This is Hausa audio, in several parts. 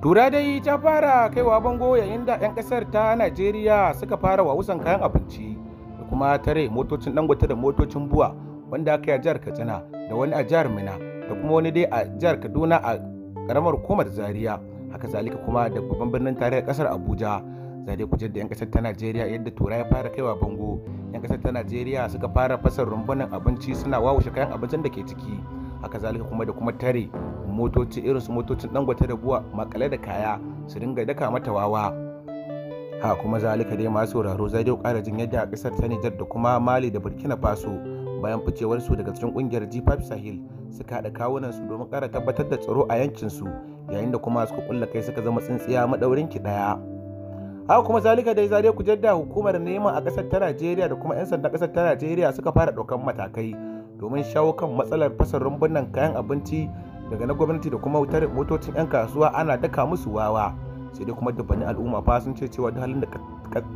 tura dai ta fara kaiwa bango yayin da 'yan kasar ta najeriya suka fara wawusan kayan abinci da kuma tare motocin dangote da motocin buwa wanda aka yi a jihar katsina da wani a jihar mina da kuma wani dai a jihar kaduna a karamar hukumar zaria haka zalika kuma da babban birnin tarayyar kasar abuja za dai kujer da 'yan kasar ta najeriya yadda tura ya fara kaiwa bango 'yan kasar ta najeriya suka fara fasar rumbunan abinci suna wawushe kayan abincin da ke ciki haka zalika kuma da kuma tare motoci irin su motocin dangote da buwa makale da kaya su dinga daka mata wawa ha kuma zalika dai masu sauraro zai dai ƙara jin yadda a ta Nijar da kuma Mali da Burkina Faso bayan ficewar su daga cikin kungiyar G5 Sahel suka haɗa kawunan su domin ƙara tabbatar da tsaro a yankin su yayin da kuma suka kulla kai suka zama tsintsiya madaurin ki daya haka kuma zalika dai zare ku jadda hukumar neman a ƙasar ta Najeriya da kuma 'yan sanda ƙasar ta Najeriya suka fara ɗaukar matakai domin shawo kan matsalar fasa rumbunan kayan abinci daga na gwamnati da kuma wutar motocin 'yan kasuwa ana daka musu wawa sai dai kuma dubbani al'umma fa sun ce cewa duk halin da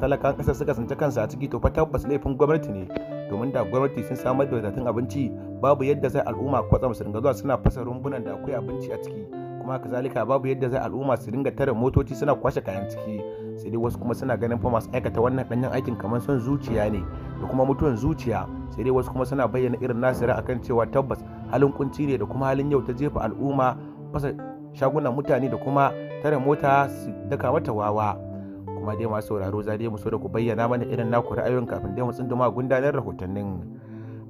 talakan kasar suka tsinci kansa a ciki to fa tabbas laifin gwamnati ne domin da gwamnati sun samar da wadatun abinci babu yadda zai al'umma kwatsam su dinga zuwa suna fasa rumbunan da akwai abinci a ciki kuma kazalika babu yadda zai al'umma su dinga tare motoci suna kwashe kayan ciki sai dai wasu kuma suna ganin fa masu aikata wannan danyen aikin kamar son zuciya ne da kuma mutuwan zuciya sai dai wasu kuma suna bayyana irin nasira akan cewa tabbas halin kunci ne da kuma halin yau ta jefa al'umma fasa shagunan mutane da kuma tare mota su daka mata wawa kuma dai masu sauraro za dai mu so da ku bayyana mana irin naku ra'ayoyin kafin dai mu tsunduma gundanar rahotannin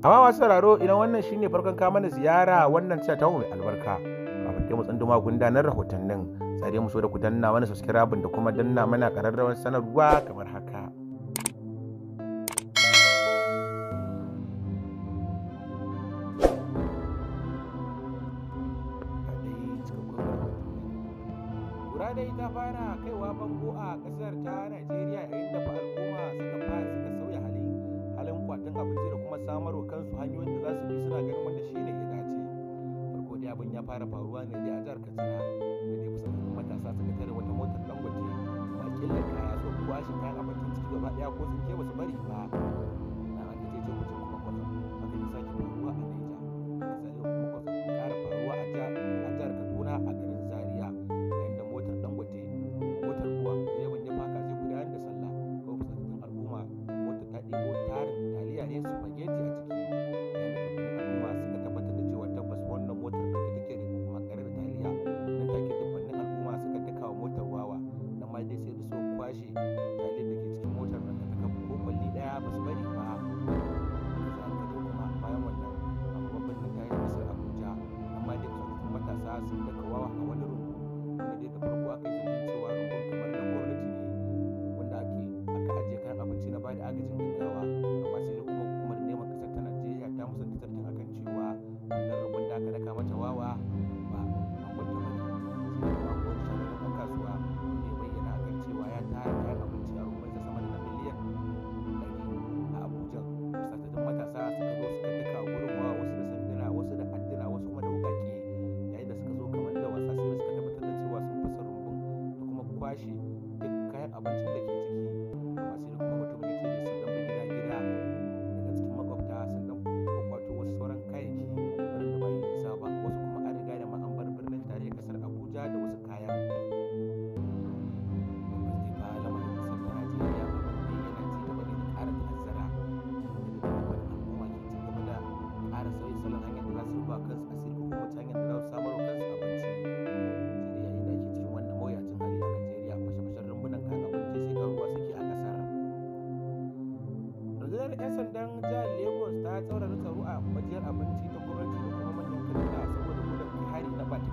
amma masu sauraro idan wannan shine farkon ka mana ziyara wannan cewa ta mai albarka kafin dai mu tsunduma gundanar rahotannin sai dai mu so da ku danna mana subscribe da kuma danna mana kararrawar sanarwa kamar haka dai ta fara kaiwa bango a ƙasar ta Najeriya yayin da fa al'umma suka fara suka sauya hali halin kwatan abinci da kuma samarwa kansu hanyoyin da za su bi suna ganin wanda shi ne ya dace. Farko dai abin ya fara faruwa ne dai a jihar Katsina da dai kusan matasa suka tare wata motar Dangote wakil da kaya so kwashe kayan abincin ciki gaba ɗaya ko sun ke ba su bari ba. Na ake ce ce kuma kwatsam. 'yan sandan jihar lagos ta tsaurara tsaro a majiyar abinci ta gwamnati da kuma manyan kantina saboda gudun hari na bata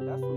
That's what